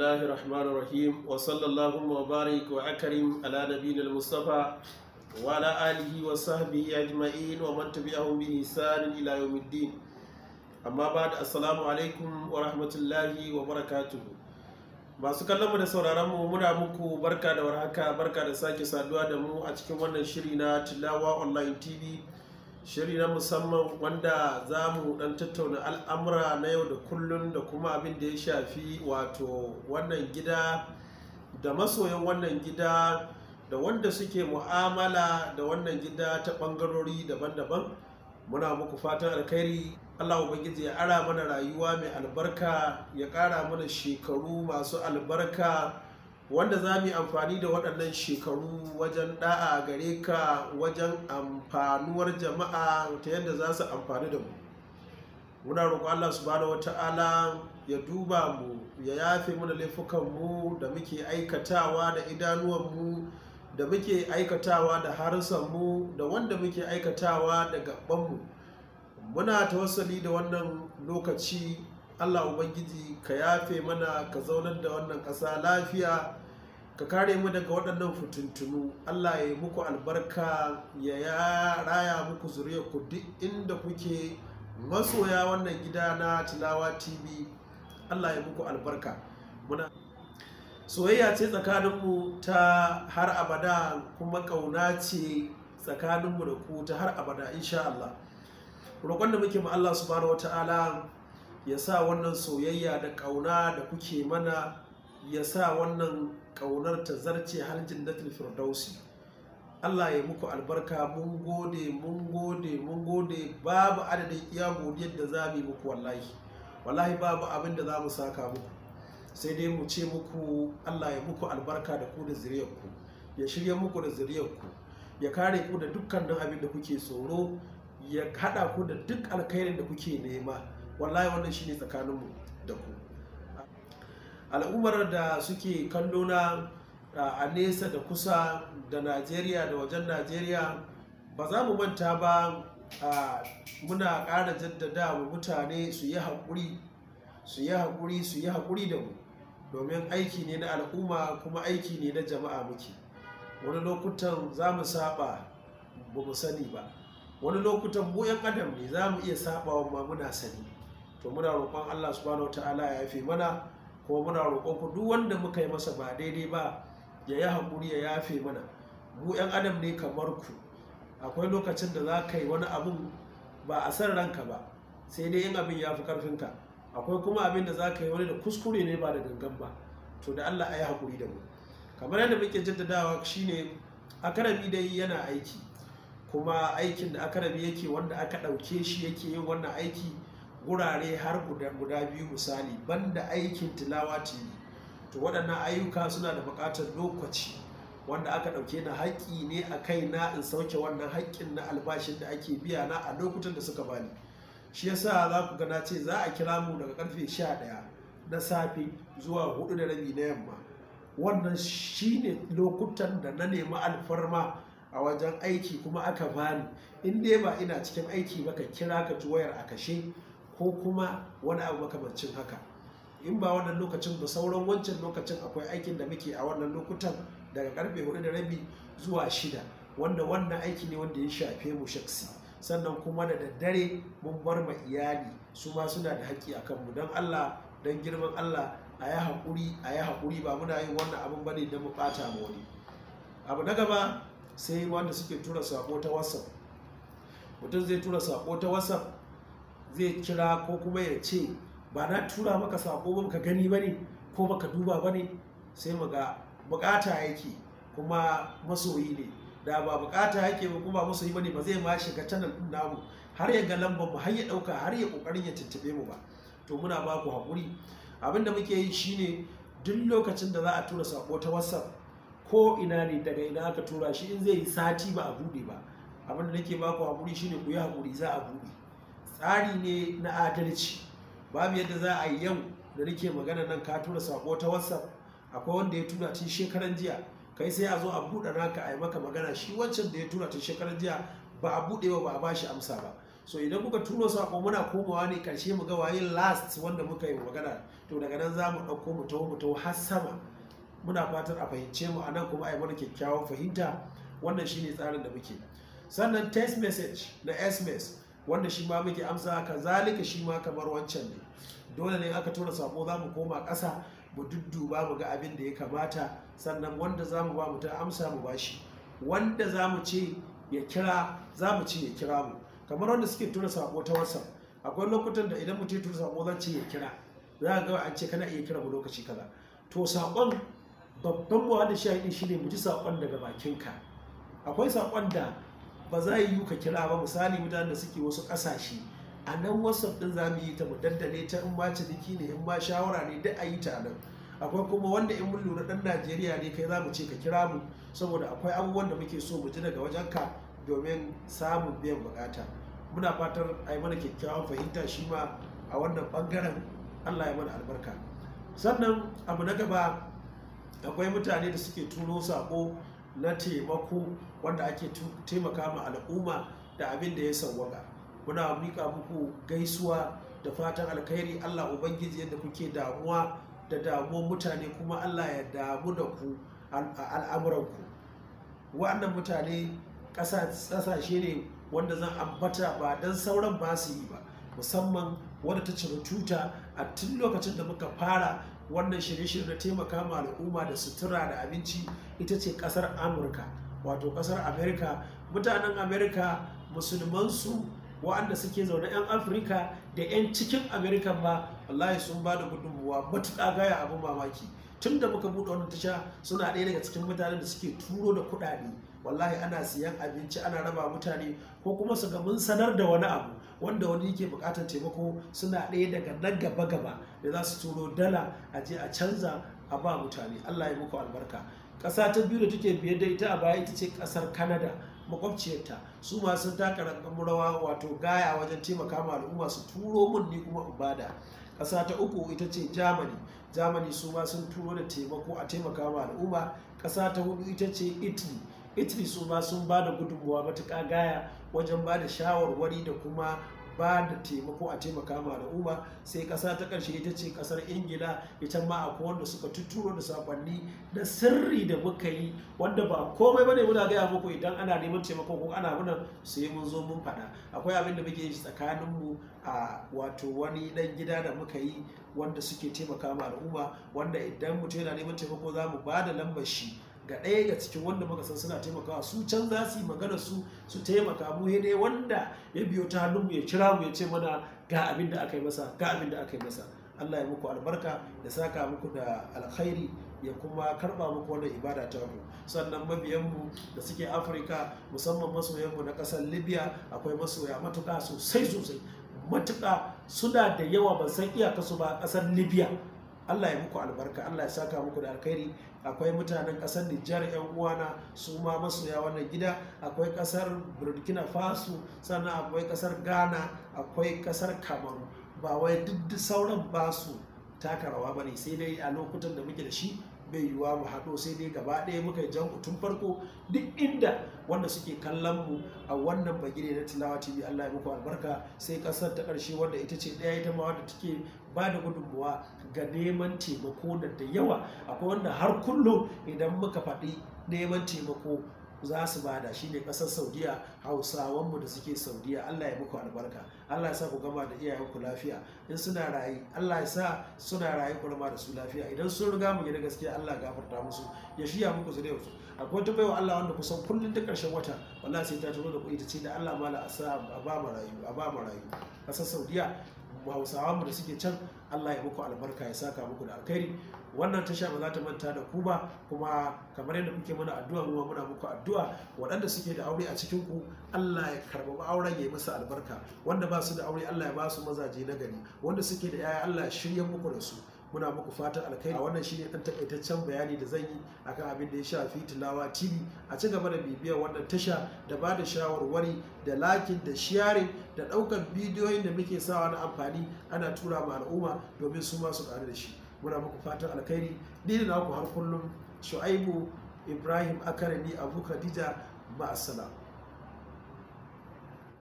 الله الرحمن الرحيم وصلى اللهم وبارك وأكرم على نبينا المصطفى وعلى آله wa أجمعين ومن تبعهم بإحسان إلى يوم الدين amma ba da assalamu alaikum wa rahmatullahi wa barakatu masu kallonmu da mu muna muku barka da warhaka barka da sake saduwa da mu a cikin wannan shiri na tilawa online tv shiri na musamman wanda za mu dan tattauna al'amura na yau da kullum da kuma abin da ya shafi wato wannan gida da masoyan wannan gida da wanda suke mu'amala da wannan gida ta ɓangarori daban-daban muna muku fatan alkhairi allah ubangiji ya ara mana rayuwa mai albarka ya ƙara mana shekaru masu albarka wanda za mu yi amfani da waɗannan shekaru wajen ɗa'a gare ka wajen amfanuwar jama'a ta yadda za su amfani da mu muna roƙo Allah subhanahu wata'ala ya duba mu ya yafe mana laifukanmu da muke aikatawa da idanuwanmu da muke aikatawa da harsanmu da wanda muke aikatawa da gabanmu muna tawassali da wannan lokaci allah ubangiji ka yafe mana ka zaunar da wannan ƙasa lafiya ka kare mu daga waɗannan fitintunu allah ya yi muku albarka ya raya muku zuriya ku duk inda kuke masoya wannan gida na tilawa tv allah ya muku albarka muna soyayya ce tsakaninmu ta har abada kuma ƙauna ce tsakaninmu da ku ta har abada insha allah roƙon da muke ma allah subhanahu wa ta'ala ya sa wannan soyayya da ƙauna da kuke mana ya sa wannan ƙaunar ta zarce har jannatul firdausi Allah ya muku albarka mun gode mun gode mun gode babu adadin iya godiyar da za mu muku wallahi wallahi babu abin da za mu saka muku sai dai mu ce muku Allah ya muku albarka da ku da zuriyarku ya shirya muku da zuriyarku ya kare ku da dukkanin abin da kuke tsoro ya haɗa ku da duk alkhairin da kuke nema wallahi wannan shine tsakaninmu da ku al'ummar da suke kallo na a nesa da kusa da najeriya da wajen najeriya ba za mu manta ba muna ƙara jaddada wa mutane su yi haƙuri su yi haƙuri su yi haƙuri da mu domin aiki ne na al'umma kuma aiki ne na jama'a muke wani lokutan za mu saba ba mu sani ba wani lokutan mu 'yan adam ne za mu iya saba wa muna sani to muna roƙon Allah subhanahu wataala ya yafe mana ko muna roƙon ku duk wanda muka yi masa ba daidai ba ya yi haƙuri ya yafe mana mu 'yan adam ne kamar ku akwai lokacin da za ka yi wani abin ba a san ranka ba sai dai in abin ya fi ƙarfinka, akwai kuma abin da za ka yi wani da kuskure ne ba da gangan ba to da allah a yi haƙuri da mu kamar yadda muke jaddadawa shine akarami dai yana aiki kuma aikin da akarami yake wanda aka ɗauke shi yake yin wannan aiki gurare har guda biyu misali banda aikin tilawa tv to waɗannan ayyuka suna da buƙatar lokaci wanda aka ɗauke na haƙƙi ne a kai na in sauke wannan haƙƙin na albashin da ake biya na a lokutan da suka bani shi yasa za ku gana ce za a kira mu daga karfe 11 na safe zuwa 4 da rabi na yamma wannan shine lokutan da na nemi alfarma a wajen aiki kuma aka bani in dai ba ina cikin aiki ba ka kira ka ci wayar a kashe ko kuma wani abu makamancin haka in ba wannan lokacin ba sauran wancan lokacin akwai aikin da muke a wannan lokutan daga karfe hudu da rabi zuwa shida wanda wannan aiki ne wanda ya shafe mu shaksi sannan kuma da daddare mun bar ma iyali su ma suna da haƙƙi a kanmu don allah don girman allah a yi haƙuri a yi haƙuri ba muna yin wannan abin bane don mu ɓata ma wani abu na gaba sai wanda suke tura saƙo ta whatsapp mutum zai tura saƙo ta whatsapp zai kira ko kuma ya ce ba na tura maka sako ba baka gani ba ne ko baka duba ba ne sai muga bukata yake kuma masoyi ne da ba bukata yake ba kuma masoyi ba ne ba zai ma shiga channel din namu har ya ga lambar mu har ya dauka har ya kokarin ya tuntube mu ba to muna ba ku hakuri da muke yi shine duk lokacin da za a tura sako ta WhatsApp ko ina ne daga ina aka tura shi in zai yi sati ba a bude ba abin da nake ba ku hakuri shine ku yi hakuri za a bude tsari ne na adalci babu yadda za a yi yau da nake magana nan ka tura sako ta whatsapp akwai wanda ya tura tun shekaran jiya kai sai a zo a buɗe naka a yi maka magana shi wancan da ya tura tun shekaran jiya ba a buɗe ba ba a bashi amsa ba so idan kuka tura sako muna komawa ne karshe mu ga wayin last wanda muka yi magana to daga nan za mu ɗauko mu taho mu taho har sama muna fatan a fahimce mu a nan kuma a yi mana kyakkyawan fahimta wannan shine tsarin da muke sannan text message na sms wanda shi ma muke amsa zalika shi ma kamar wancan ne dole ne aka tura sako za mu koma ƙasa mu dudduba mu ga abin da ya kamata sannan wanda za mu ba mu ta amsa mu ba shi wanda za mu ce ya kira za mu ce ya kira mu kamar wanda suke tura sako ta wasan, akwai lokutan da idan mutum tura sako zan ce ya kira za ga an ce kana iya kira mu lokaci kaza to sakon babban mu wanda shi ne mu ji sakon daga bakinka akwai sakon da ba za yi ka kira ba misali mutane da suke wasu ƙasashe a nan whatsapp din za mu yi ta mu dandale ta in ba ciniki ne in ba shawara ne duk a yi ta nan akwai kuma wanda in mun lura dan najeriya ne kai za mu ce ka kira mu saboda akwai abubuwan da muke so mu ji daga wajen ka domin samun biyan bukata muna fatan a yi mana kyakkyawan fahimta shi ma a wannan bangaren allah ya mana albarka sannan abu na gaba akwai mutane da suke turo sako na taimako wanda ake taimaka ma al'umma da abin da ya sauwaka muna miƙa muku gaisuwa da fatan alkhairi allah ubangiji yadda kuke damuwa da damuwar mutane kuma allah ya damu da ku al'amuranku wa'annan mutane ƙasashe ne wanda zan ambata ba don sauran ba su yi ba musamman wadda ta cire tuta a tun lokacin da muka fara wannan shirye-shirye na taimaka ma al'umma da sutura da abinci ita ce kasar amurka wato kasar amerika mutanen amerika su wa'anda suke zaune 'yan afirka da 'yan cikin amerika ba wallahi sun ba da gudunmuwa matuƙa gaya abin mamaki tun da muka buɗe wannan tasha suna ɗaya daga cikin mutanen da suke turo da kuɗaɗe wallahi ana siyan abinci ana raba mutane ko kuma su ga mun sanar da wani abu wanda wani yake bukatar taimako suna ɗaya daga nan gaba gaba da za su turo dala a je a canza a ba mutane allah ya muku albarka ƙasa ta biyu da take biye da ita a baya ita ce ƙasar Kanada. makwabciyarta su ma sun taka rawa wato gaya wajen taimaka ma al'umma su turo mun ni kuma in bada ƙasa ta uku ita ce germany germany su ma sun turo da taimako a taimaka ma al'umma ƙasa ta hudu ita ce italy italy su ma sun ba da gudunmuwa matuƙa gaya wajen ba da shawarwari da kuma ba da taimako a taimaka ma al'umma sai ƙasa ta ƙarshe ita ce ƙasar ingila ita ma akwai wanda suka tuturo da sakonni da sirri da muka yi wanda ba komai bane muna gaya muku idan ana neman taimako ko ana muna sai mun zo mun faɗa akwai abin da muke yi tsakaninmu a wato wani dan gida da muka yi wanda suke taimaka ma al'umma wanda idan mutum yana neman taimako za mu ba da lambar shi ga ɗaya ga cikin wanda muka san suna taimakawa su can za su yi magana su su taimaka mu ya dai wanda ya biyo ta hannun mu ya kira mu ya ce mana ga abin da aka yi masa ga abin da aka yi masa Allah ya muku albarka ya saka muku da alkhairi ya kuma karba muku wannan ibada ta mu sannan mu da suke afirka musamman masoyan mu na ƙasar libya akwai masoya matuƙa sosai sosai matuƙa suna da yawa ban san su ba ƙasar libya Allah ya muku albarka Allah ya saka muku da alkhairi akwai mutanen kasar Nijar yan uwana su ma masoya wannan gida akwai kasar Burkina Faso sannan akwai kasar Ghana akwai kasar Cameroon ba wai duk sauran ba su taka rawa bane sai dai a lokutan da muke da shi bai yiwuwa mu haɗo sai dai gaba ɗaya muka jan tun farko duk inda wanda suke kallon mu a wannan bagire na tilawa tv allah ya muku albarka sai ƙasar ta ƙarshe wanda ita ce ɗaya ita ma wanda take ba da gudunmuwa ga neman taimako da da yawa akwai wanda har kullum idan muka faɗi neman taimako za su bada shi ne ƙasar saudiya hausawanmu da suke saudiya allah ya muku albarka allah ya sa ku gama da iyayenku lafiya in suna rayu allah ya sa suna rayu ku da su lafiya idan sun riga mu gida gaskiya allah gafarta musu ya shiya muku su da yau akwai ta baiwa allah wanda kusan kullum ta ƙarshen wata wallahi sai ta turo da kuɗi ta ce da allah mala a sa a ba mu rayu a ba mu rayu ƙasar saudiya hausawanmu da suke can Allah ya muku albarka ya saka muku da alkhairi wannan tasha ba za ta manta da ku ba kuma kamar yadda kuke mana addu'a mu muna muku addu'a waɗanda suke da aure a cikin ku Allah ya karɓi auren ya yi masa albarka wanda ba su da aure Allah ya ba su mazaje na gari wanda suke da yaya Allah ya shirya muku da su muna muku fatan alkhairi a wannan shine dan takaitaccen bayani da zan yi akan abin da ya shafi tilawa tv a ci gaba da bibiyar wannan tasha da ba da shawarwari da lakin da sharing da ɗaukan bidiyoyin da muke sawa na amfani ana tura ma al'umma domin su ma su ƙaru da shi muna muku fatan alkhairi ni da naku har kullum shu'aibu ibrahim akarani abu khadija ma'assalam